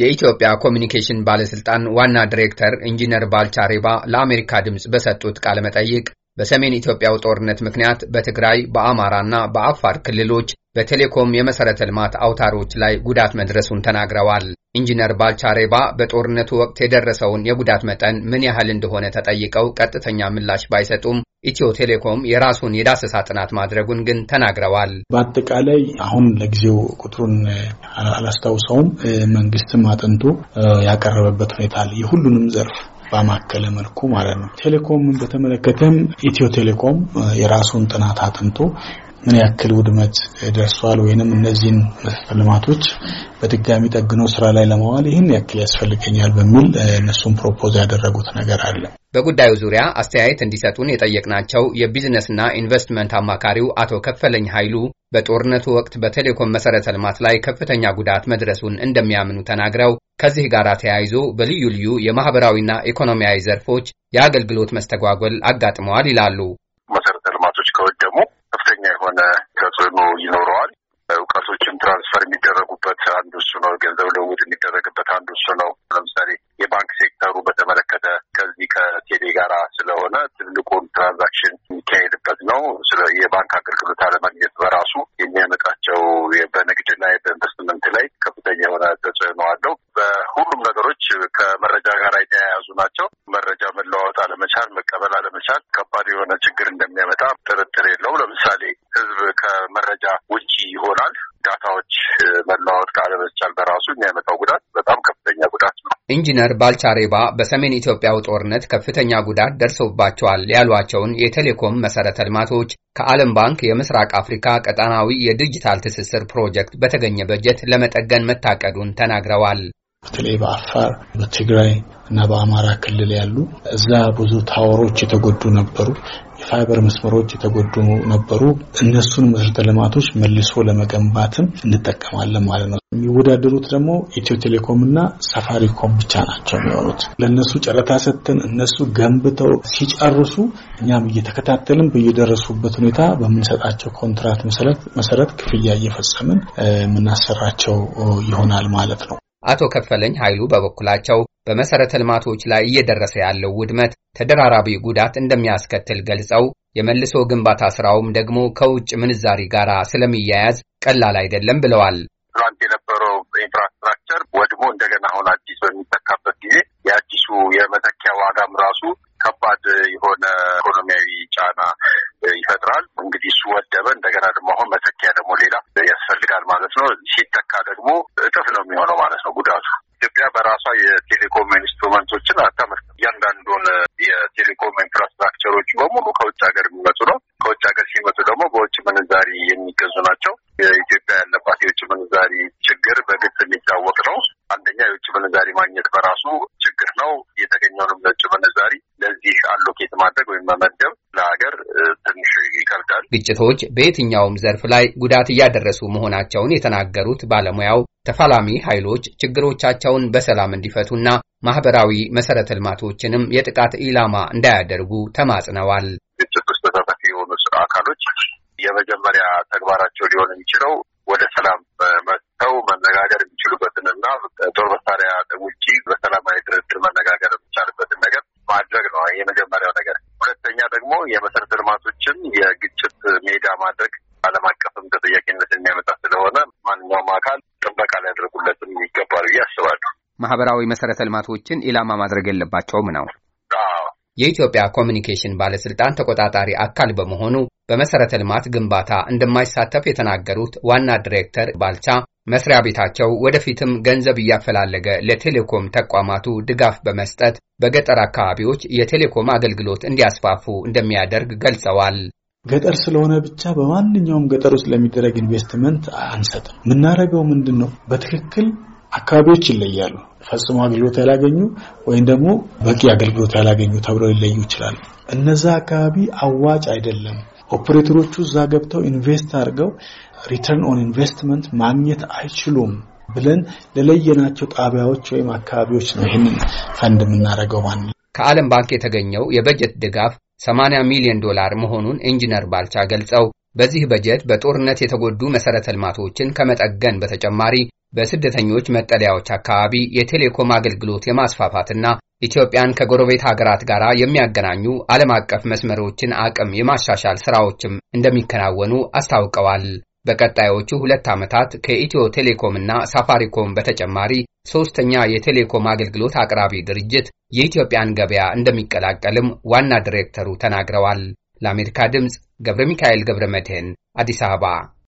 የኢትዮጵያ ኮሚኒኬሽን ባለስልጣን ዋና ዲሬክተር ኢንጂነር ባልቻ ሬባ ለአሜሪካ ድምፅ በሰጡት ቃለ መጠይቅ በሰሜን ኢትዮጵያው ጦርነት ምክንያት በትግራይ በአማራና በአፋር ክልሎች በቴሌኮም የመሠረተ ልማት አውታሮች ላይ ጉዳት መድረሱን ተናግረዋል። ኢንጂነር ባልቻ ሬባ በጦርነቱ ወቅት የደረሰውን የጉዳት መጠን ምን ያህል እንደሆነ ተጠይቀው ቀጥተኛ ምላሽ ባይሰጡም ኢትዮ ቴሌኮም የራሱን የዳሰሳ ጥናት ማድረጉን ግን ተናግረዋል። በአጠቃላይ አሁን ለጊዜው ቁጥሩን አላስታውሰውም። መንግስትም አጥንቶ ያቀረበበት ሁኔታ አለ። የሁሉንም ዘርፍ ባማከለ መልኩ ማለት ነው። ቴሌኮምን በተመለከተም ኢትዮ ቴሌኮም የራሱን ጥናት አጥንቶ ምን ያክል ውድመት ደርሷል ወይንም እነዚህን መሰረተ ልማቶች በድጋሚ ጠግኖ ስራ ላይ ለማዋል ይህን ያክል ያስፈልገኛል በሚል እነሱን ፕሮፖዝ ያደረጉት ነገር አለ። በጉዳዩ ዙሪያ አስተያየት እንዲሰጡን የጠየቅናቸው የቢዝነስና ኢንቨስትመንት አማካሪው አቶ ከፈለኝ ኃይሉ በጦርነቱ ወቅት በቴሌኮም መሰረተ ልማት ላይ ከፍተኛ ጉዳት መድረሱን እንደሚያምኑ ተናግረው ከዚህ ጋር ተያይዞ በልዩ ልዩ የማህበራዊና ኢኮኖሚያዊ ዘርፎች የአገልግሎት መስተጓጎል አጋጥመዋል ይላሉ። መሰረተ ልማቶች ከወደሙ ከፍተኛ የሆነ ተጽዕኖ ይኖረዋል። እውቀቶችም ትራንስፈር የሚደረጉበት አንዱ እሱ ነው። ገንዘብ ልውውጥ የሚደረግበት አንዱ እሱ ነው። ለምሳሌ የባንክ ሴክተሩ በተመለከተ ከዚህ ከቴሌ ጋራ ስለሆነ ትልቁን ትራንዛክሽን የሚካሄድበት ነው። ስለ የባንክ አገልግሎት አለማግኘት በራሱ የሚያመጣቸው በንግድ ላይ በኢንቨስትመንት ላይ ከፍተኛ የሆነ ተጽዕኖ አለው። በሁሉም ነገሮች ከመረጃ ጋር የተያያዙ ናቸው። መረጃ መለዋወጥ አለመቻል፣ መቀበል አለመቻል ከባድ የሆነ ችግር እንደሚያመጣ ጥርጥር የለው። ለምሳሌ ህዝብ ከመረጃ ውጪ ይሆናል። ዳታዎች መለዋወጥ ካለመቻል በራሱ የሚያመጣው ጉዳት በጣም ከፍተኛ ጉዳት ኢንጂነር ባልቻሬባ በሰሜን ኢትዮጵያው ጦርነት ከፍተኛ ጉዳት ደርሶባቸዋል ያሏቸውን የቴሌኮም መሠረተ ልማቶች ከዓለም ባንክ የምስራቅ አፍሪካ ቀጣናዊ የዲጂታል ትስስር ፕሮጀክት በተገኘ በጀት ለመጠገን መታቀዱን ተናግረዋል። በተለይ በአፋር በትግራይ እና በአማራ ክልል ያሉ እዛ ብዙ ታወሮች የተጎዱ ነበሩ። የፋይበር መስመሮች የተጎዱ ነበሩ። እነሱን መሰረተ ልማቶች መልሶ ለመገንባትም እንጠቀማለን ማለት ነው። የሚወዳደሩት ደግሞ ኢትዮ ቴሌኮም እና ሳፋሪኮም ብቻ ናቸው የሚሆኑት። ለእነሱ ጨረታ ሰጥተን እነሱ ገንብተው ሲጨርሱ እኛም እየተከታተልን በየደረሱበት ሁኔታ በምንሰጣቸው ኮንትራት መሰረት ክፍያ እየፈጸምን የምናሰራቸው ይሆናል ማለት ነው። አቶ ከፈለኝ ኃይሉ በበኩላቸው በመሰረተ ልማቶች ላይ እየደረሰ ያለው ውድመት ተደራራቢ ጉዳት እንደሚያስከትል ገልጸው የመልሶ ግንባታ ስራውም ደግሞ ከውጭ ምንዛሪ ጋር ስለሚያያዝ ቀላል አይደለም ብለዋል። ትናንት የነበረው ኢንፍራስትራክቸር ወድሞ እንደገና አሁን አዲስ በሚተካበት ጊዜ የአዲሱ የመተኪያ ዋጋም ራሱ ከባድ የሆነ ኢኮኖሚያዊ ጫና ይፈጥራል። እንግዲህ እሱ ወደበ፣ እንደገና ደግሞ አሁን መተኪያ ደግሞ ሌላ ያስፈልጋል ማለት ነው። ሲተካ ደግሞ ነው ማለት ነው ጉዳቱ። ኢትዮጵያ በራሷ የቴሌኮም ኢንስትሩመንቶችን አታመርትም። እያንዳንዱን የቴሌኮም ኢንፍራስትራክቸሮች በሙሉ ከውጭ ሀገር የሚመጡ ነው። ከውጭ ሀገር ሲመጡ ደግሞ በውጭ ምንዛሪ የሚገዙ ናቸው። የኢትዮጵያ ያለባት የውጭ ምንዛሪ ችግር በግልጽ የሚታወቅ ነው። አንደኛ የውጭ ምንዛሪ ማግኘት በራሱ ችግር ነው። የተገኘውንም ለውጭ ምንዛሪ ግጭቶች በየትኛውም ዘርፍ ላይ ጉዳት እያደረሱ መሆናቸውን የተናገሩት ባለሙያው ተፋላሚ ኃይሎች ችግሮቻቸውን በሰላም እንዲፈቱና ማህበራዊ መሰረተ ልማቶችንም የጥቃት ኢላማ እንዳያደርጉ ተማጽነዋል። ግጭት ውስጥ ተሳታፊ የሆኑ አካሎች የመጀመሪያ ተግባራቸው ሊሆን የሚችለው ወደ ሰላም መጥተው መነጋገር የሚችሉበትንና ጦር መሳሪያ ውጪ በሰላማዊ ድርድር መነጋገር የሚቻልበትን ነገር ማድረግ ነው። የመጀመሪያው የመሰረተ ልማቶችን የግጭት ሜዳ ማድረግ ዓለም አቀፍም ተጠያቂነት የሚያመጣ ስለሆነ ማንኛውም አካል ጥበቃ ሊያደርጉለትም ይገባል ብዬ አስባለሁ። ማህበራዊ መሰረተ ልማቶችን ኢላማ ማድረግ የለባቸውም ነው። የኢትዮጵያ ኮሚኒኬሽን ባለስልጣን ተቆጣጣሪ አካል በመሆኑ በመሰረተ ልማት ግንባታ እንደማይሳተፍ የተናገሩት ዋና ዲሬክተር ባልቻ መስሪያ ቤታቸው ወደፊትም ገንዘብ እያፈላለገ ለቴሌኮም ተቋማቱ ድጋፍ በመስጠት በገጠር አካባቢዎች የቴሌኮም አገልግሎት እንዲያስፋፉ እንደሚያደርግ ገልጸዋል። ገጠር ስለሆነ ብቻ በማንኛውም ገጠር ውስጥ ለሚደረግ ኢንቨስትመንት አንሰጥም። የምናደርገው ምንድን ነው? በትክክል አካባቢዎች ይለያሉ። ፈጽሞ አገልግሎት ያላገኙ ወይም ደግሞ በቂ አገልግሎት ያላገኙ ተብለው ሊለዩ ይችላሉ። እነዛ አካባቢ አዋጭ አይደለም ኦፕሬተሮቹ እዛ ገብተው ኢንቨስት አድርገው ሪተርን ኦን ኢንቨስትመንት ማግኘት አይችሉም ብለን ለለየናቸው ጣቢያዎች ወይም አካባቢዎች ነው ይህንን ፈንድ የምናደርገው። ማን ከዓለም ባንክ የተገኘው የበጀት ድጋፍ 80 ሚሊዮን ዶላር መሆኑን ኢንጂነር ባልቻ ገልጸው በዚህ በጀት በጦርነት የተጎዱ መሰረተ ልማቶችን ከመጠገን በተጨማሪ በስደተኞች መጠለያዎች አካባቢ የቴሌኮም አገልግሎት የማስፋፋትና ኢትዮጵያን ከጎረቤት ሀገራት ጋር የሚያገናኙ ዓለም አቀፍ መስመሮችን አቅም የማሻሻል ሥራዎችም እንደሚከናወኑ አስታውቀዋል። በቀጣዮቹ ሁለት ዓመታት ከኢትዮ ቴሌኮም እና ሳፋሪኮም በተጨማሪ ሦስተኛ የቴሌኮም አገልግሎት አቅራቢ ድርጅት የኢትዮጵያን ገበያ እንደሚቀላቀልም ዋና ዲሬክተሩ ተናግረዋል። ለአሜሪካ ድምፅ ገብረ ሚካኤል ገብረ መድህን አዲስ አበባ